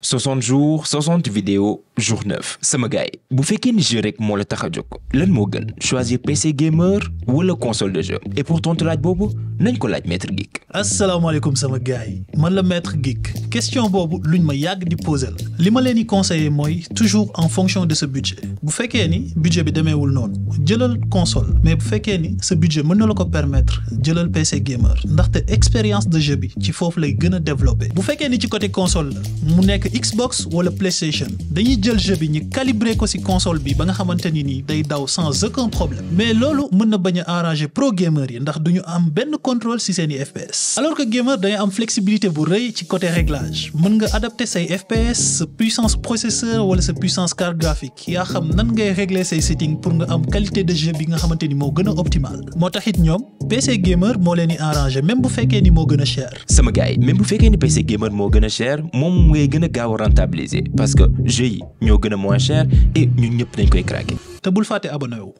60 jours 60 vidéos jour 9 sama gars yi bu ni jeu rek moo la tax a jóg choisir PC gamer ou la console de jeu et pourtant tu laaj boobu nañ ko laaj maître geek. Assalamu sama gars yi man la maître geek question Bobo, luñ ma yag di poser Ce li ma conseiller toujours en fonction de ce budget Vous faites ni budget bi non, noonu la console mais vous fekkee ni ce budget mën na la ko permettre le PC gamer ndaxte expérience de jeu bi ci foofu lay Vous a développé bu ni ci côté console mu nekk xbox wala playstation dañuy jël jeu bi ñu calibrer ko si console bi ba nga xamanteni ni day daw sans aucun problème mais loolu mën na arranger pro gamer yi ndax duñu am benn contrôle si seen fps alors que gamer day am flexibilité bu rëy ci côté réglage mën nga adapter say fps sa puissance processeur wala sa puissance carte graphique yaa xam nan ngay régler say setting pour nga am qualité de jeu bi nga xamanteni moo gën optimal moo taxit ñoom PC gamer mo leni arranger même bu fekkee ni mo gëna cher. sama gars même bu fekkee ni PC gamer mo gëna cher mom ngay gëna a gaaw rentabiliser parce que jeux yi ñoo gën moins cher et ñun ñëpp dañ koy craquer. te bul faté abonné